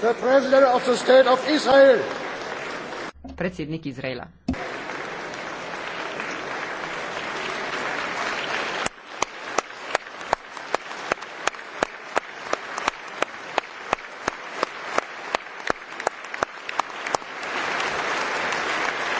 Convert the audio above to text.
the president of the state of Israel. Predsednik Izraela.